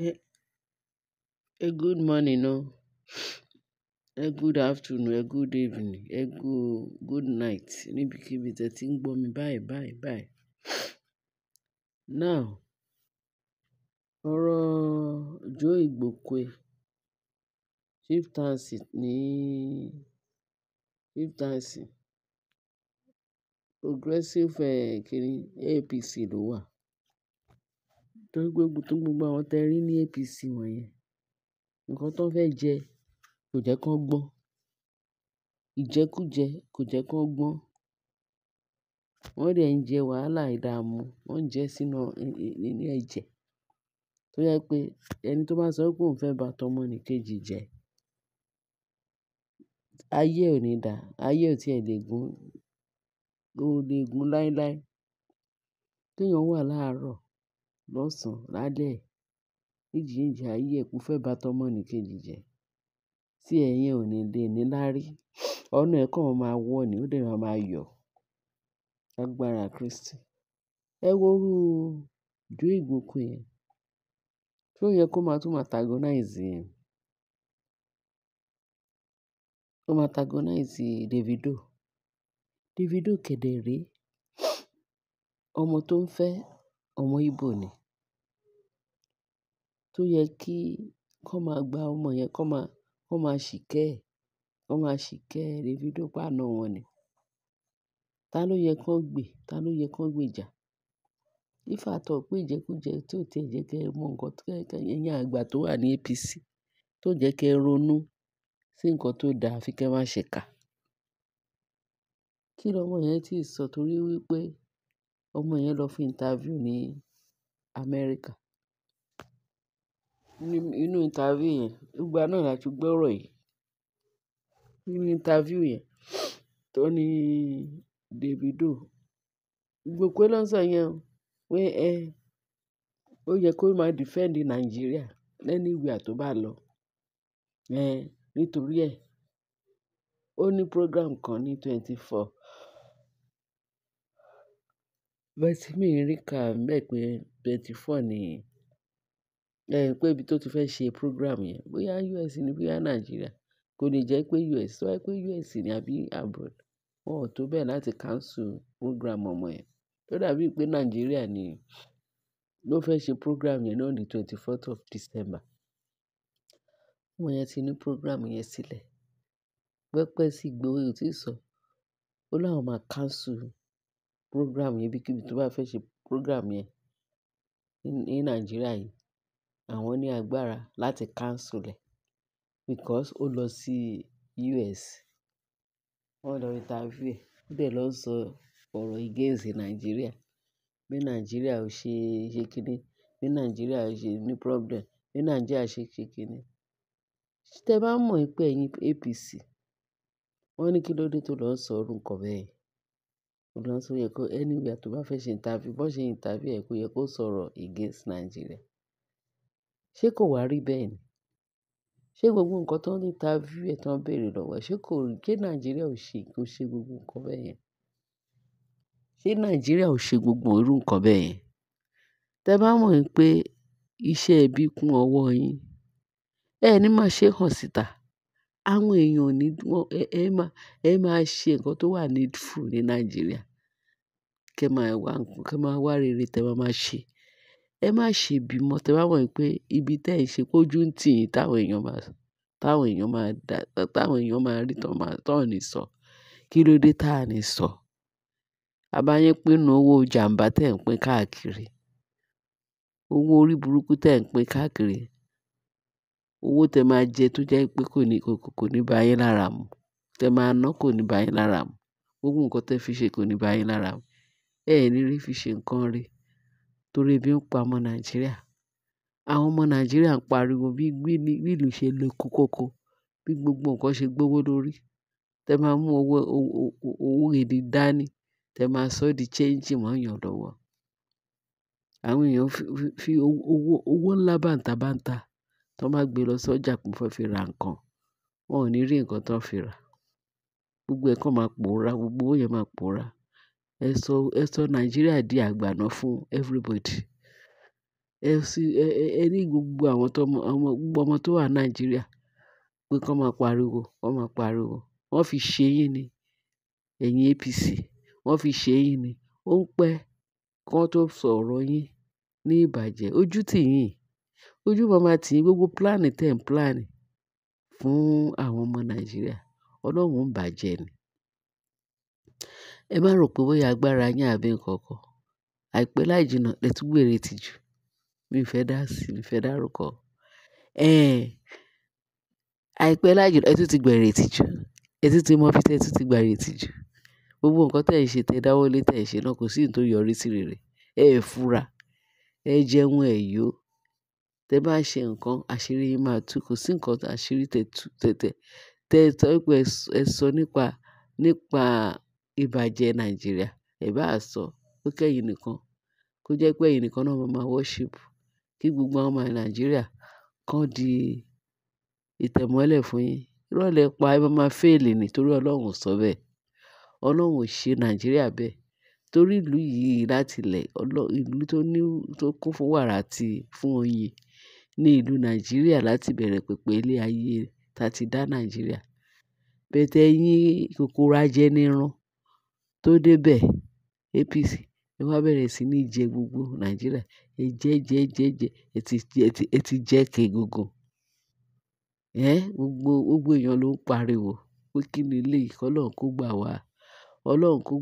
A, eh, eh, good morning o, a eh, good afternoon, a good evening, a good, good night níbikíbi tẹ ti ń gbọ́ mi bye báyìí báyìí. Now, ọ̀rọ̀ Joe Igbokwe, chieftaincy ní, progressive eh, APC ló wà. Torí pé gbogbo àwọn tẹ rí ní APC wọ̀nyẹn, nǹkan tó fẹ́ jẹ kò jẹ́ kó gbọ́n. Ìjẹkújẹ kò jẹ́ gbọ́n. Wọ́n dẹ̀ jẹ wàhálà ìdààmú, wọ́n jẹ sínú nínú pé ẹni tó bá ba ayé ò ní dà, ayé ò lè gún, lọ́sàn-án lálẹ́ nídìí nídìí ayé ẹ pé ó fẹ́ẹ́ ba tọmọnìkejì jẹ tí ẹ̀yin ò ní lè níláárí ọ̀nà ẹ̀ kàn máa wọ́ ni ó dẹ̀ máa máa yọ̀ lágbára kristi ẹ worú ìjó ìgbókùn yẹn ṣó yẹ kó máa tún máa antagonize yẹn ó máa antagonize davido davido kẹ̀dẹ̀ rèé ọmọ tó ń fẹ ọmọ ibo ni tó yẹ kí kán máa gba ọmọ yẹn kán máa kán máa ṣìkẹ́ ẹ̀ kán máa ṣìkẹ́ ẹ̀ Davido pààná wọn ni. Ta ló yẹ kán gbè? Ta ló yẹ kán gbèjà? If at all pé ìjẹkújẹ tí ò tiẹ̀ jẹ́ kí ẹ mọ nǹkan tí ẹ̀yin àgbà tó wà ní APC tí ò jẹ́ kí ẹ ronú sí nǹkan tó da àfi kí ẹ máa ṣèkà. Kí lọmọ yẹn tí ì sọ torí wípé ọmọ yẹn lọ fún interview ní Amẹ́ríkà. nínú interview yẹn. Ìgbà náà la ti gbọ́ ọ̀rọ̀ yìí. Nínú interview yẹn tó ní Davido, Igboho ló ń sọ yẹn o pé ẹ, ó yẹ kó máa defend Nigeria anywhere tó bá lọ. Ẹn, nítorí ẹ, ó ní program kan ní twenty four. But mi rí ká ń pé twenty four ni eh, pé ibi tó ti fẹ́ ṣe program yẹn, bóyá US ni, bóyá Nigeria, kò ní jẹ́ pé US. Tó bá pé US ni àbí abroad, wọn ò tó bẹ́ẹ̀ láti cancel program ọmọ yẹn. Ó dàbí pé Nigeria ni ló fẹ́ ṣe program yẹn náà ní twenty fourth of December. Ọmọ yẹn ti ní program yẹn sílẹ̀. Pẹ́pẹ́ sí Igboho ò tí sọ. Ó láwọn máa cancel program yẹn, ibikíbi tó bá fẹ́ ṣe program yẹn ní Nigeria yìí. àwọn ní agbára láti cancel ẹ̀ because ó lọ sí US. Wọ́n lọ interview ẹ̀, ó dẹ̀ lọ sọ ọ̀rọ̀ against Nigeria. Bí Nigeria ò ṣe ṣe bí nàìjíríà ò ṣe ní problem, bí Nigeria ṣe ṣe kíni. Tẹ mọ̀ pé ẹ̀yin APC, wọ́n ní kí ló dé tó lọ sọ irú bẹ́ẹ̀? Ó sọ̀rọ̀ against ṣé kó wáá rí bẹẹ ni ṣé gbogbo nǹkan tó ń interview ẹ tó ń béèrè lọ́wọ́ ẹ ṣé kò rí ṣé nàìjíríà ò ṣe kò ṣe gbogbo nǹkan bẹ́ẹ̀ yẹn ṣé nàìjíríà ò ṣe gbogbo irú nǹkan bẹ́ẹ̀ yẹn tẹ bá mọ̀ pé iṣẹ́ ibi kún ọwọ́ yín ẹ ní máa ṣe hàn síta àwọn èèyàn ní wọn ẹ máa ẹ máa ṣe nǹkan tó wà needful ní nàìjíríà kẹ máa wá nǹkan kẹ máa wá rere tẹ máa máa ṣe ẹ má ṣe bímọ tẹ bá mọ pé ibi tẹ ẹ ń ṣe pójú ń tì yín táwọn èèyàn máa táwọn èèyàn máa dá táwọn èèyàn máa rí tán máa tán ní sọ kí ló dé tá à ní sọ abáyé pinnu owó jàǹbá tẹ ẹ ń pín káàkiri owó orí burúkú tẹ ń pín káàkiri owó tẹ máa jẹ tó jẹ pé kò ní kò ní bá yín lára mu tẹ máa ná kò ní bá yín lára mu gbogbo nǹkan tẹ fi ṣe kò ní bá yín lára mu ẹ ẹ ní rí fi ṣe nǹkan rí. torí ebi ń pa ọmọ nàìjíríà àwọn ọmọ nàìjíríà ń pariwo bí bíìlù ṣe le kókóko bí gbogbo nǹkan ṣe gbówó lórí tẹ máa mú owó owó gidi dání tẹ máa sọ ọ di chẹńjì mọyàn lọ́wọ́ àwọn èèyàn fi owó owó ńlá gbé lọ fẹ́ fi ra nǹkan wọn ò ní rí nǹkan tó fi rà gbogbo ẹ̀ kàn máa pòórá gbogbo owó yẹn máa Ẹ sọ, ẹ sọ Nàìjíríà di àgbàná fún everybody. Ẹ sì, ẹ ní gbogbo àwọn tó mọ, ọmọ, gbogbo ọmọ tó wà Nàìjíríà pé kí wọ́n máa pariwo, kí wọ́n máa pariwo. Wọ́n fi ṣe yín ni, ẹ̀yin APC. Wọ́n fi ṣe yín ni. Ó ń pẹ́ kí tó sọ̀rọ̀ yín ní ìbàjẹ́. Ojú tì Ojú máa ma Gbogbo plan tí plan fún àwọn ọmọ Nàìjíríà, Ọlọ́run ń bàjẹ́ ni ẹ má rò pé bóyá agbára yín àbí nǹkan kan àìpẹ́ láì jìnnà lè tún gbèrè tìjú mi ì fẹ́ dá sí mi ì fẹ́ dárúkọ um àìpẹ́ láì jìnnà ẹ tún ti gbèrè ìtìjú ẹ tún ti mọ ibi tẹ́ ẹ ti gbà rè tìjú gbogbo nǹkan tẹ́ ń ṣe tẹ́ dáwọ́ lé tẹ́ ń ṣe náà kò sí ní yọrí sí rere ẹ fura ẹ jẹun ẹ yó tẹ́ bá ṣe nǹkan àṣírí yín máa tú kò sí nǹkan àṣírí tẹ́ tú tẹtẹ tẹ́ ẹ sọ ẹ sọ nípa nípa ìbàjẹ nàìjíríà ẹ báà sọ pé kẹyìn nìkan kó jẹ pé ẹyìn nìkan náà máa máa worship kí gbogbo àwọn ọmọ nàìjíríà kàn di ìtẹmọlẹ fún yín irọ́ lẹ pa ẹ máa máa fẹ́ẹ̀lì nítorí ọlọ́run ò sọ bẹ́ẹ̀ ọlọ́run ò ṣe nàìjíríà bẹ́ẹ̀ torí ìlú yìí láti ilẹ̀ ìlú tó ní tó kún fún wàrà àti fún oyin ní ìlú nàìjíríà láti bẹ̀rẹ̀ pẹ̀pẹ̀ ilé ayé tá a ti dá nàìjíríà bẹ́tẹ̀ yín kòkòrò ajẹnirun todebe apc ló wá bẹ̀rẹ̀ sí ní jẹ gbogbo nàìjíríà ẹ jẹ jẹ jẹ jẹ ẹ ti jẹ kegungun gbogbo gbogbo ló ń pariwo pé kí ni eléyìí kó gbà wá ọlọ́run kó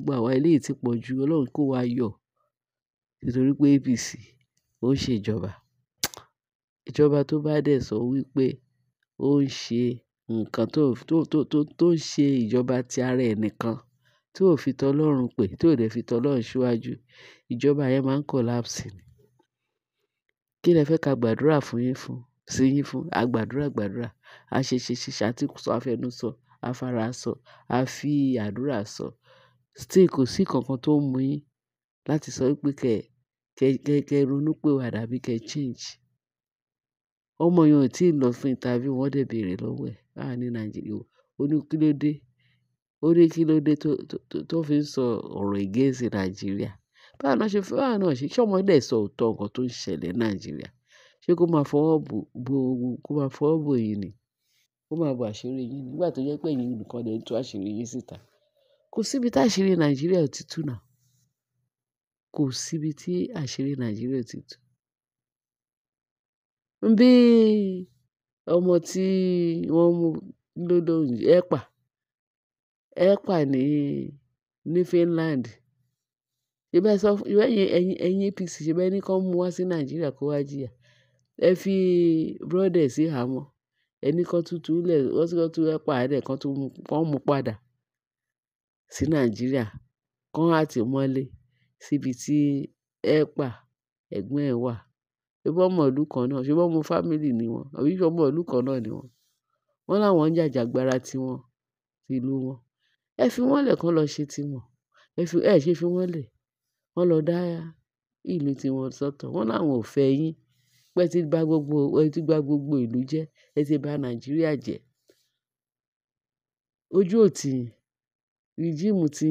ju ọlọ́run kó wá yọ nítorí pé apc ó ń ìjọba ìjọba tó bá dẹ̀ sọ wípé ó ń ṣe nǹkan tó ń ti ara ẹ̀ nìkan tó ò fi tọlọ́run pè tó ò dẹ̀ fi tọlọ́run síwájú ìjọba yẹn máa ń collapse ni kí lẹ fẹ́ ká gbàdúrà fún yín fún sí yín fún àgbàdúrà àgbàdúrà àṣeṣeṣe àtìsọ afẹnusọ afarasọ àfi àdúrà sọ still kò sí kankan tó ń mú yín láti sọ pé kẹ kẹ kẹ ronú pé wà dàbí kẹ change ọmọ yẹn ò tí ì lọ fún interview wọn dẹ̀ béèrè lọ́wọ́ ẹ̀ láàrin nàìjíríà ó ní kí ló dé orí kí tó fi ń sọ ọ̀rọ̀ against nàìjíríà báwo náà ṣe báwo náà ọmọ dẹ̀ sọ òótọ́ nǹkan tó ń ṣẹlẹ̀ nàìjíríà ṣé kó máa fọwọ́ bo kó máa fọwọ́ bo èyí ni kó máa bo àṣírí nígbà tó jẹ́ pé ẹ̀yin nìkan lè ń àṣírí yín síta kò síbi àṣírí nàìjíríà ti tú náà kò síbi tí àṣírí nàìjíríà ti tú ọmọ tí wọ́n mú ẹ̀pà helper ní ní Finland ṣe bẹ́ẹ̀ sọ fún ẹ̀yin ẹ̀yin ẹ̀yin APC ṣe bẹ́ẹ̀ ní kán mú wá sí Nàìjíríà kó wá jìyà ẹ fi búrọ́dẹ̀ sí àhámọ́ ẹ ní kán tún túlẹ̀ wọ́n sì kán tún helper rẹ̀ kán tún kán mú padà sí Nàìjíríà kán àtìmọ́lé síbi tí helper ẹ̀gbọ́n ẹ̀ wà ṣé bọ́ ọmọ ìlú kan náà ṣé bọ́ ọmọ fámìlì ni wọn àbí ṣé ọmọ ìlú kan náà ni wọn wọn láwọn ń jàjàgbara tiwọn tìlú wọn ẹ fi wọn lẹ kán lọọ ṣe tiwọn ẹ ṣe fi wọn lẹ wọn lọọ dá ìlú tiwọn sọtọ wọn làwọn ò fẹ yín pé ẹ ti bà gbogbo ẹ ti bà gbogbo ìlú jẹ ẹ ti bà nàìjíríà jẹ ojú òtí rìjíìmù tí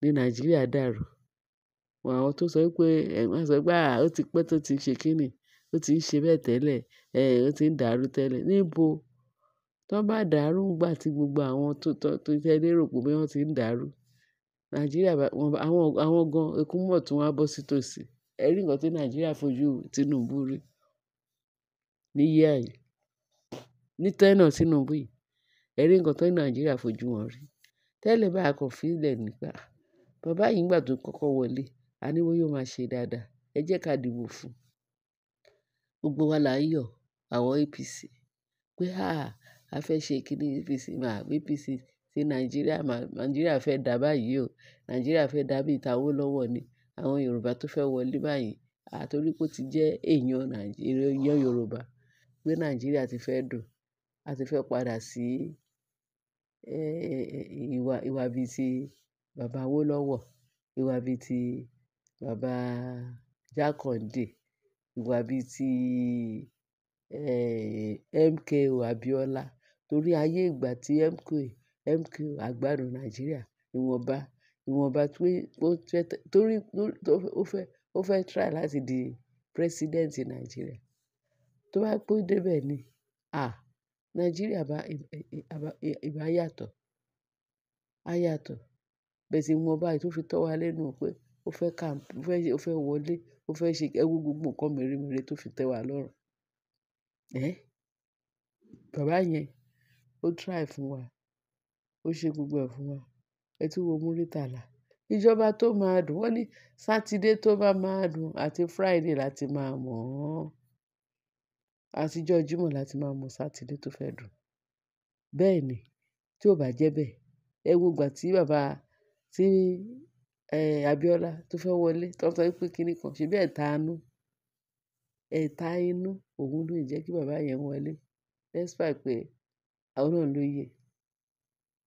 ní nàìjíríà dàrú wọn àwọn tó sọ pé ẹ sọ pé ó ti pẹ́ tó ti ṣe kínní ó ti ń ṣe bẹ́ẹ̀ tẹ́lẹ̀ ó ti ń dàrú tẹ́lẹ̀ níbo Tán bá dàrú ńgbà tí gbogbo àwọn tó tó tẹ lérò pé bóyá wọ́n ti ń dàrú, Nàìjíríà bá wọn bá àwọn àwọn gan eku mọ̀ tún wá bọ́ sí tòsí. Ẹ rí nǹkan tí Nàìjíríà fojú Tinubu rí ní year yìí, ní tenure Tinubu yìí. Ẹ rí nǹkan tí Nàìjíríà fojú wọn rí. Tẹ́lẹ̀ báyìí a kàn fi í ah, bàbá yìí nígbà tó kọ́kọ́ wọlé, a ní máa ṣe dáadáa, ẹ jẹ́ ká dìbò fún Gbogbo wa là ń yọ̀, àwọn APC pé háà ah, a fẹ́ ṣe kíní APC máa àbí APC ṣe Nàìjíríà máa Nàìjíríà fẹ́ dà báyìí o. Nàìjíríà fẹ́ dà bíi t'Awólọ́wọ̀ ni. Àwọn Yorùbá tó fẹ́ wọlé báyìí, à torí pé ó ti jẹ́ èèyàn Nàìjíríà, èèyàn Yorùbá pé Nàìjíríà ti fẹ́ dùn. A ti fẹ́ padà sí, ìwà, ìwà bíi ti bàbá Awólọ́wọ̀, ìwà bíi ti bàbá Jákàndé, ìwà bíi ti, MKO Abiola torí ayé ìgbà tí mko mko àgbàrun nàìjíríà ìwọnba ìwọnba torí ó fẹ́ ó fẹ́ try láti di president nàìjíríà tó bá pé ó ni ah nàìjíríà bá ìbá yàtọ̀ á yàtọ̀ bẹ́ẹ̀ ìwọnba yìí tó fi tó wa lẹ́nu pé ó fẹ́ kàǹpù ó fẹ́ ó fẹ́ wọlé ó fẹ́ ṣe ẹ gbogbo nǹkan mèremère tó fi tẹ́ wa lọ́rùn ẹ bàbá yẹn ó try fún wa ó ṣe gbogbo ẹ̀ fún wa ẹ tún wo muritàlá ìjọba tó máa dùn wọn ní sátidé tó bá máa dùn àti friday láti máa mọ ọn àtijọ́ jimoh láti máa mọ sátidé tó fẹẹ dùn bẹ́ẹ̀ ni tí ò bá jẹ́ bẹ́ẹ̀ ẹ wo ìgbà tí bàbá tí abiola tó fẹẹ wọlé tó sọ pé kinní kan ṣe bí ẹ̀ta inú ẹ̀ta inú òun ló ń jẹ́ kí bàbá yẹn wọlé despite pé Ọlọ́run ló yẹ.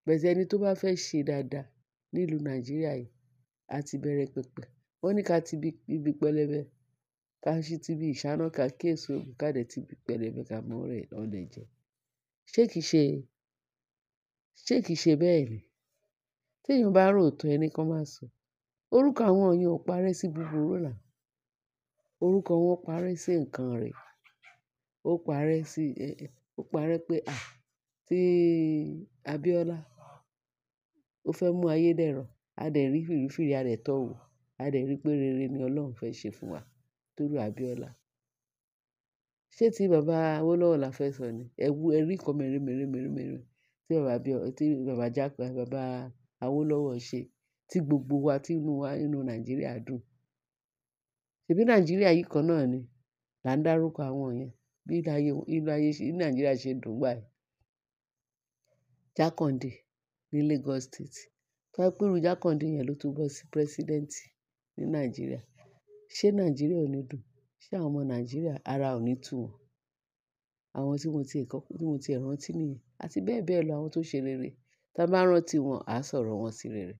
But ẹni tó bá fẹ́ ṣe dáadáa nílùú Nàìjíríà yìí, a ti bẹ̀rẹ̀ pẹ̀pẹ̀. Wọ́n ní ká ti ibi pẹlẹbẹ, ká sì ti ibi ìṣáná, ká ké èso òbí, ká dẹ̀ ti ibi pẹlẹbẹ ká mú ọ̀lẹ jẹ. Ṣé kìí ṣe, ṣé kìí ṣe bẹ́ẹ̀ ni? Tí èèyàn bá ròótọ́ ẹni kan máa sọ. Orúkọ àwọn èèyàn ò parẹ́ sí búburú now. Orúkọ wọn parẹ́ sí nǹkan rere. Ó parẹ́ sí, ó parẹ́ pé à tí Abíọ́lá ó fẹ́ mú ayé dẹrọ̀, a dẹ̀ rí fìrífìrí, a dẹ̀ tọ́ wò, a dẹ̀ rí pé rere ni Ọlọ́run fẹ́ ṣe fún wa torí Abíọ́lá. Ṣé ti bàbá Awólọ́wọ̀ la fẹ́ sọ ni? Ẹ wú, ẹ rí nǹkan mèremère mèremère tí bàbá Abíọ́, tí bàbá Ják, bàbá Awólọ́wọ̀ ṣe tí gbogbo wa, tí inú wa, inú Nàìjíríà dùn. Ṣèbí Nàìjíríà yìí kan náà ni? Là ń dárúkọ àwọn yẹn. Bí ilé ayé, ilé ayé, bí Nàìjíríà ṣe dùn gbà yìí. Jákàndé ní Lagos State. Tó bá jẹ́ pé irú Jákàndé yẹn ló tún bọ́ sí president ní Nàìjíríà, ṣé Nàìjíríà ò ní dùn? Ṣé àwọn ọmọ Nàìjíríà ara ò ní tú wọn? Àwọn tí mo ti è kọ́, tí mo ti è rántí nìyẹn àti bẹ́ẹ̀ bẹ́ẹ̀ lọ àwọn tó ṣe rere. Tí a bá rántí wọn, a sọ̀rọ̀ wọn sí rere.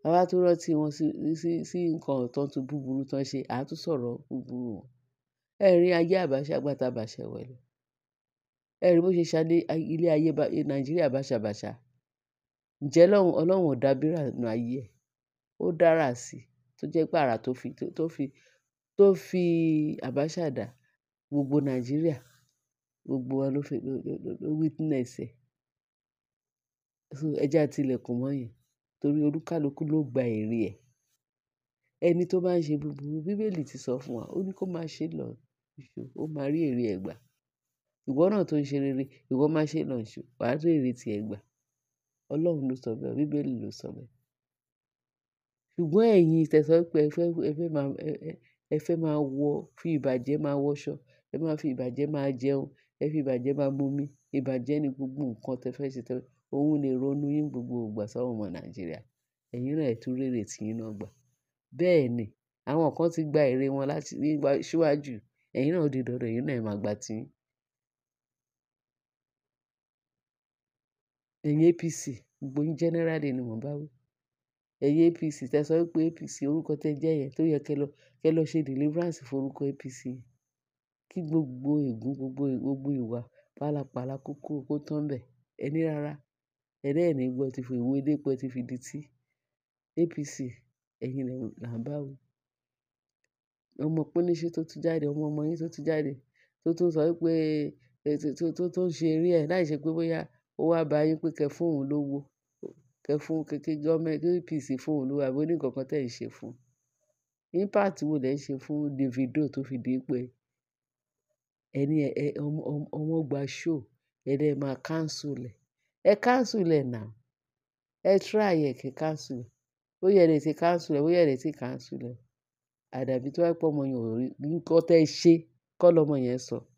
Bá bá tún rántí wọn sí, sí, sí nǹkan tán tún búburú tán ṣe, a tún sọ̀rọ̀ búburú wọn. Ẹ rí ayé àbáṣá gbà t'àbàṣà ẹwẹ̀ ẹ rí bó ṣe ṣa ilé ayé nàìjíríà báṣabàṣà ǹjẹ́ ọlọ́run ọlọ́run ò dá bírà nù ayé ẹ̀ ó dára sí i tó jẹ́ pé àrà tó fi tó fi tó fi àbáṣà dá gbogbo nàìjíríà gbogbo wa ló fi ló witness ẹ̀ so ẹjẹ́ àti ilẹ̀kùn mọ́ yẹn torí olúkálukú ló gba èrè ẹ̀ ẹni tó bá ń ṣe búburú bíbélì ti sọ fún wa ó ní kó máa ṣe lọ ó máa rí èrè ẹ̀ gbà Ìwọ náà tó ń ṣe rere, ìwọ má ṣe náà ṣe, wà á rí èrè tí ẹ gbà. Ọlọ́run ló sọ bẹ́ẹ̀, Bíbélì ló sọ bẹ́ẹ̀. Ṣùgbọ́n ẹ̀yin tẹ pé ẹ fẹ́, máa, wọ, fi ìbàjẹ́ máa wọṣọ, ẹ máa fi ìbàjẹ́ máa jẹun, ẹ fi ìbàjẹ́ máa mu omi. ni gbogbo nǹkan tẹ fẹ́ ṣe tẹ fẹ́. Òun ni ìrònú yín gbogbo ìgbà sọ́wọ́n ọmọ Nàìjíríà. Ẹ̀yin náà ẹ tún rí èrè tí yín náà gbà. Bẹ́ẹ̀ ni, àwọn kan ti gba èrè wọn láti nígbà síwájú. náà ó di dandan, ẹ̀yin náà ẹ máa gba ti ẹ̀yin APC gbogbo yín generally ni mò bá wí ẹ̀yin APC tẹ sọ wípé APC orúkọ tẹ jẹ́ yẹn tó yẹ kẹ lọ kẹ lọ ṣe deliverance fún APC yẹn kí gbogbo ègún gbogbo gbogbo ìwà pálapàla kó kúrò kó tán bẹ̀ ẹ ní rárá ẹlẹ́ẹ̀ni gbọ́ ti fi ìwé elépo ẹ ti fi di tí APC ẹ̀yin là ń bá wí ọmọ píníṣín tó tún jáde ọmọ ọmọ yín tó tún jáde tó tún sọ wípé tó tó ń ṣe eré ẹ láì ṣe pé bóyá ó wá bá yín pé kẹ fún òun lówó kẹ fún kí gọọmenti apc fún òun lówó àbí ó ní nǹkan kan tẹ ẹ ń ṣe fún un impact wo lẹ ń ṣe fún davido tó fi di pé ẹni ẹ ọmọ gba show ẹ dẹ máa cancel ẹ ẹ cancel ẹ now ẹ try ẹ kẹ cancel ẹ ó yẹ lè ti cancel ẹ ó yẹ lè ti cancel ẹ àdàbí tó wá pọ ọmọ yẹn ò rí nǹkan tẹ ṣe kọ lọmọ yẹn sọ. So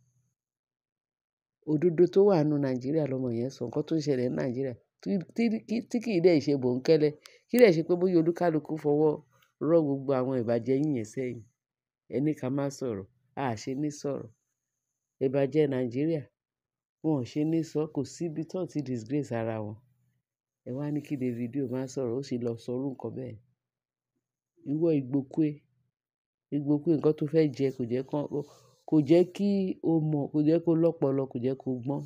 òdodo tó wà nínú Nàìjíríà lọmọ yẹn sọ, nǹkan tó ń ṣẹlẹ̀ ní Nàìjíríà tí kì í dẹ̀ ṣe bòńkẹ́lẹ́, kì í dẹ̀ ṣe pé bóyá olúkálukú fọwọ́ rọ́ gbogbo àwọn ìbàjẹ́ yíyẹn sẹ́yìn. Ẹ ká má sọ̀rọ̀, a ṣe ní sọ̀rọ̀. Ìbàjẹ́ Nàìjíríà wọn ò ṣe ní sọ, kò sí ibi ti disgrace ara wọn. Ẹ wá ní kí Davido má sọ̀rọ̀, ó sì lọ sọ irú nǹkan bẹ́ẹ̀. Ìwọ ìgbòkè, ìgbòkè nǹkan tó fẹ́ jẹ kò jẹ́ kó kò jẹ́ kí o mọ̀, kò jẹ́ kó lọ́pọlọ, kò jẹ́ kó gbọ́n.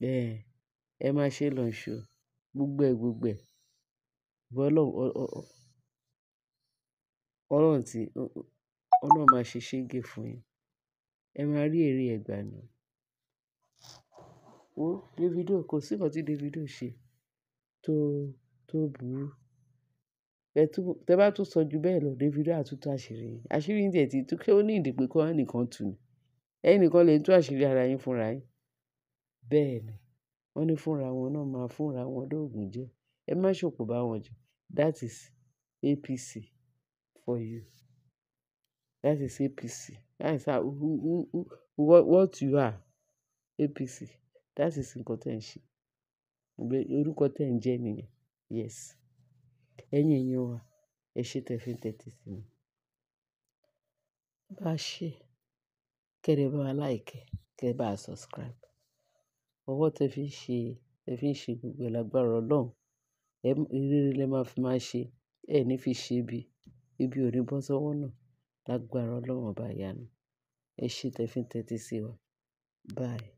Bẹ́ẹ̀ ẹ má ṣe lọ́ṣọ. Gbogbo ẹ gbogbo ẹ. Ọlọ́run, Ọlọ́run ti, Ọlọ́run máa ṣe ṣégé fún yín. Ẹ máa rí èrè ẹ gbà ni. Wo Davido, kò sí nǹkan tí Davido ṣe tó, tó burú. Tẹ́ bá tún sọ ju bẹ́ẹ̀ lọ, Davido á tún tú àṣírí yín. Àṣírí yín tiẹ̀ ti tú, ṣé ó ní ìdí pé kí wọ́n nìkan tú ni? Ẹ̀yin nìkan lè tú àṣírí ara yín fúnra yín. Bẹ́ẹ̀ ni, wọ́n ní fúnra wọn náà máa fúnra wọn lóògùn jẹ. Ẹ má ṣòpò bá wọn jà. That is APC for you. That is APC. That is how, who, who, who, what, what you are. APC. That is nǹkan tí ń ṣe. Orúkọ tí ń jẹ́ nìyẹn. Yes. Ẹ̀yin èèyàn wa, ẹ ṣé tí fi tẹ́tí sí mi. Bá ṣe, kí bá wa like, kí bá wa subscribe. Ọwọ́ tí ẹ fi ń ṣe, tí ẹ fi ń ṣe gbogbo ẹ̀ lágbára Ọlọ́run. Ẹ̀, ìrírí lẹ máa fi máa ṣe. Ẹ ní fi ṣe ibi, ibi ò ní bọ́ sọ́wọ́ náà. Lágbára Ọlọ́run ọba ìyanu. Ẹ ṣé tí fi tẹ́tí sí wa. Bye.